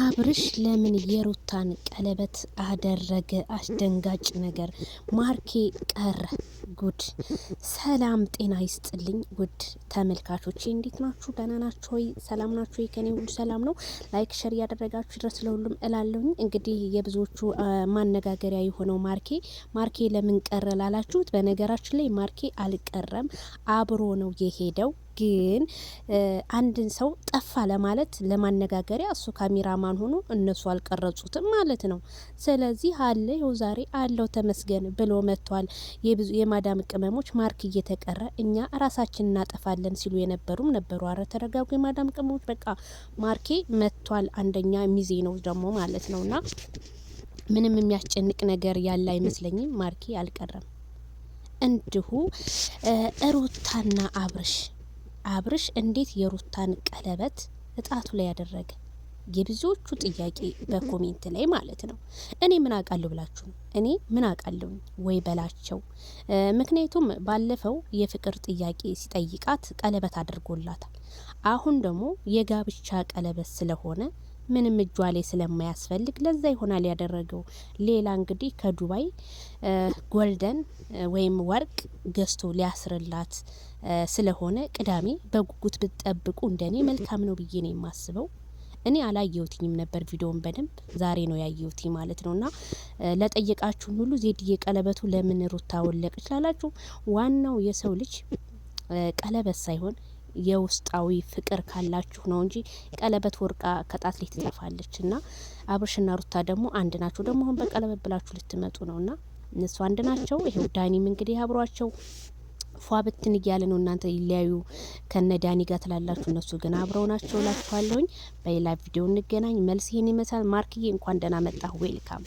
አብርሽ ለምን የሩታን ቀለበት አደረገ? አስደንጋጭ ነገር ማርኬ ቀረ ጉድ። ሰላም ጤና ይስጥልኝ ውድ ተመልካቾች እንዴት ናችሁ? ደህና ናችሁ ወይ? ሰላም ናችሁ ወይ? ከኔ ሁሉ ሰላም ነው። ላይክ ሸር እያደረጋችሁ ድረስ ለሁሉም እላለሁኝ። እንግዲህ የብዙዎቹ ማነጋገሪያ የሆነው ማርኬ ማርኬ ለምን ቀረ ላላችሁት፣ በነገራችን ላይ ማርኬ አልቀረም፣ አብሮ ነው የሄደው ግን አንድን ሰው ጠፋ ለማለት ለማነጋገሪያ እሱ ካሜራማን ሆኖ እነሱ አልቀረጹትም ማለት ነው። ስለዚህ አለ ይኸው ዛሬ አለው ተመስገን ብሎ መጥቷል። የማዳም ቅመሞች ማርክ እየተቀረ እኛ ራሳችን እናጠፋለን ሲሉ የነበሩም ነበሩ። አረ ተረጋጉ የማዳም ቅመሞች፣ በቃ ማርኬ መጥቷል። አንደኛ ሚዜ ነው ደግሞ ማለት ነውና ምንም የሚያስጨንቅ ነገር ያለ አይመስለኝም። ማርኬ አልቀረም። እንዲሁ ሩታና አብርሽ አብርሽ እንዴት የሩታን ቀለበት እጣቱ ላይ ያደረገ? የብዙዎቹ ጥያቄ በኮሜንት ላይ ማለት ነው። እኔ ምን አውቃለሁ ብላችሁ እኔ ምን አውቃለሁ ወይ በላቸው። ምክንያቱም ባለፈው የፍቅር ጥያቄ ሲጠይቃት ቀለበት አድርጎላታል። አሁን ደግሞ የጋብቻ ቀለበት ስለሆነ ምንም እጇ ላይ ስለማያስፈልግ ለዛ ይሆናል ያደረገው። ሌላ እንግዲህ ከዱባይ ጎልደን ወይም ወርቅ ገዝቶ ሊያስርላት ስለሆነ ቅዳሜ በጉጉት ብትጠብቁ እንደኔ መልካም ነው ብዬ ነው የማስበው። እኔ አላየሁትኝም ነበር ቪዲዮውን በደንብ ዛሬ ነው ያየሁትኝ ማለት ነው። እና ለጠየቃችሁን ሁሉ ዜድዬ ቀለበቱ ለምን ሩታ ወለቅ ይችላላችሁ? ዋናው የሰው ልጅ ቀለበት ሳይሆን የውስጣዊ ፍቅር ካላችሁ ነው እንጂ ቀለበት ወርቃ ከጣት ላይ ትጠፋለች። እና አብርሽና ሩታ ደግሞ አንድ ናቸው። ደግሞ አሁን በቀለበት ብላችሁ ልትመጡ ነው እና እነሱ አንድ ናቸው። ይሄው ዳኒም እንግዲህ አብሯቸው ፏ ብትን እያለ ነው። እናንተ ይለያዩ ከነ ዳኒ ጋር ትላላችሁ፣ እነሱ ግን አብረው ናቸው እላችኋለሁኝ። በሌላ ቪዲዮ እንገናኝ። መልስ ይህን ይመስላል። ማርክዬ እንኳን ደህና መጣሁ። ዌልካም